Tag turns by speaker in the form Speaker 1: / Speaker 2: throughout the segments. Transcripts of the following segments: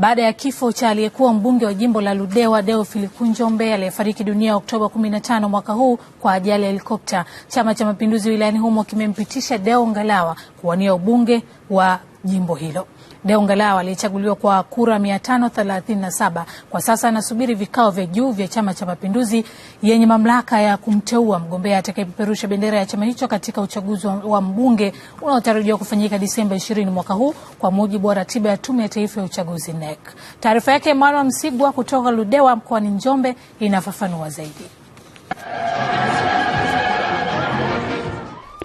Speaker 1: baada ya kifo cha aliyekuwa mbunge wa jimbo la Ludewa deo Kunjombe aliyefariki dunia Oktoba 15 mwaka huu kwa ajali ya helikopta. Chama cha Mapinduzi wilayani humo kimempitisha Deo Ngalawa kuwania ubunge wa jimbo hilo. Deongelao aliyechaguliwa kwa kura 537 kwa sasa anasubiri vikao vya juu vya Chama cha Mapinduzi yenye mamlaka ya kumteua mgombea atakayepeperusha bendera ya chama hicho katika uchaguzi wa mbunge unaotarajiwa kufanyika Disemba 20 mwaka huu kwa mujibu wa ratiba ya Tume ya Taifa ya Uchaguzi NEC. Taarifa yake Emmanuel Msigwa kutoka Ludewa mkoani Njombe inafafanua zaidi.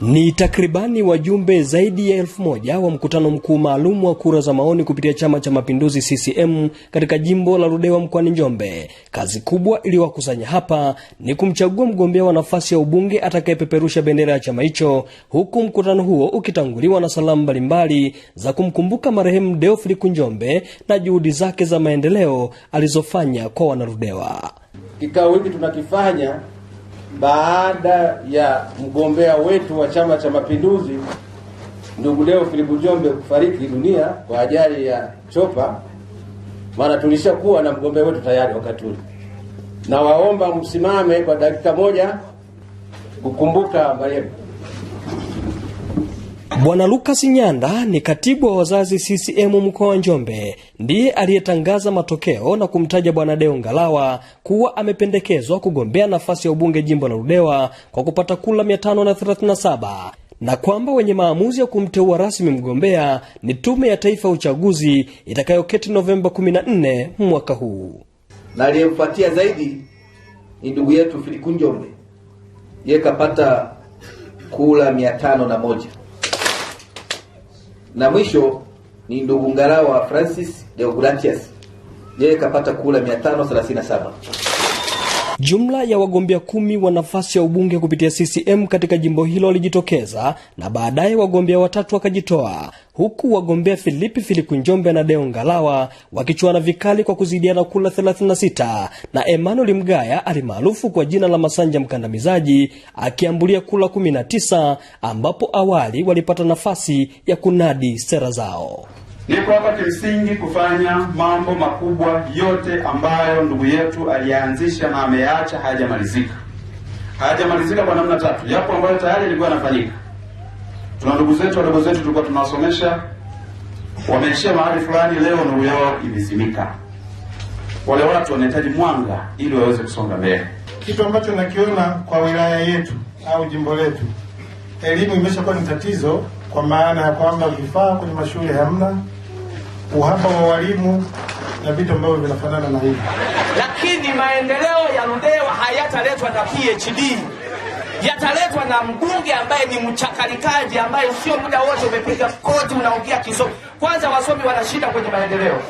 Speaker 2: Ni takribani wajumbe zaidi ya elfu moja wa mkutano mkuu maalum wa kura za maoni kupitia Chama cha Mapinduzi CCM katika jimbo la Ludewa mkoani Njombe. Kazi kubwa iliyowakusanya hapa ni kumchagua mgombea wa nafasi ya ubunge atakayepeperusha bendera ya chama hicho, huku mkutano huo ukitanguliwa na salamu mbalimbali za kumkumbuka marehemu Deofriku Njombe na juhudi zake za maendeleo alizofanya kwa wanarudewa
Speaker 3: Kikao hiki tunakifanya baada ya mgombea wetu wa Chama cha Mapinduzi ndugu Leo Filipu Jombe kufariki dunia kwa ajali ya chopa, maana tulishakuwa na mgombea wetu tayari wakati ule. Na waomba msimame kwa dakika moja kukumbuka marehemu.
Speaker 2: Bwana Lucas Nyanda ni katibu wa wazazi CCM mkoa wa Njombe, ndiye aliyetangaza matokeo na kumtaja Bwana Deo Ngalawa kuwa amependekezwa kugombea nafasi ya ubunge jimbo la Ludewa kwa kupata kula 537 na kwamba wenye maamuzi ya kumteua rasmi mgombea ni Tume ya Taifa ya Uchaguzi itakayoketi Novemba 14 mwaka huu.
Speaker 3: Na aliyemfuatia zaidi ni ndugu yetu Filikunjombe, yeye kapata kula mia na moja. Na mwisho ni ndugu wa Francis Deogratius, yeye kapata kula 537.
Speaker 2: Jumla ya wagombea kumi wa nafasi ya ubunge kupitia CCM katika jimbo hilo walijitokeza na baadaye wagombea watatu wakajitoa, huku wagombea Filipi Filipu Njombe na Deo Ngalawa wakichuana vikali kwa kuzidiana kula 36 na Emmanuel Mgaya alimaarufu kwa jina la Masanja Mkandamizaji akiambulia kula 19 ambapo awali walipata nafasi ya kunadi sera zao
Speaker 4: ni kwamba kimsingi kufanya mambo makubwa yote ambayo ndugu yetu alianzisha na ameacha hayajamalizika, hayajamalizika kwa namna tatu. Yapo ambayo tayari yalikuwa yanafanyika. Tuna ndugu zetu wadogo zetu tulikuwa tunawasomesha, wameishia mahali fulani, leo nuru yao imezimika. Wale watu wanahitaji mwanga ili waweze kusonga mbele.
Speaker 5: Kitu ambacho nakiona kwa wilaya yetu au jimbo letu, elimu imeshakuwa ni tatizo, kwa maana ya kwamba vifaa kwenye mashule hamna uhaba wa walimu na vitu ambavyo vinafanana na hivi,
Speaker 6: lakini maendeleo ya Ludewa hayataletwa na PhD, yataletwa na mbunge ambaye ni mchakalikaji, ambaye sio muda wote umepiga koti unaongea kisomo. Kwanza wasomi wana shida kwenye maendeleo,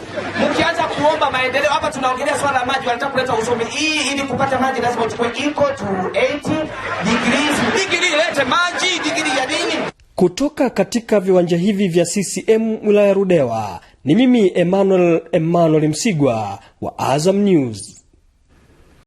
Speaker 6: mkianza kuomba maendeleo hapa, tunaongelea swala la maji, wanataka kuleta usomi. Hii ili kupata maji lazima uchukue iko tu 80 degrees, digrii ilete maji, digrii ya nini?
Speaker 2: Kutoka katika viwanja hivi vya CCM wilaya Rudewa ni mimi Emmanuel Emmanuel Msigwa wa Azam News.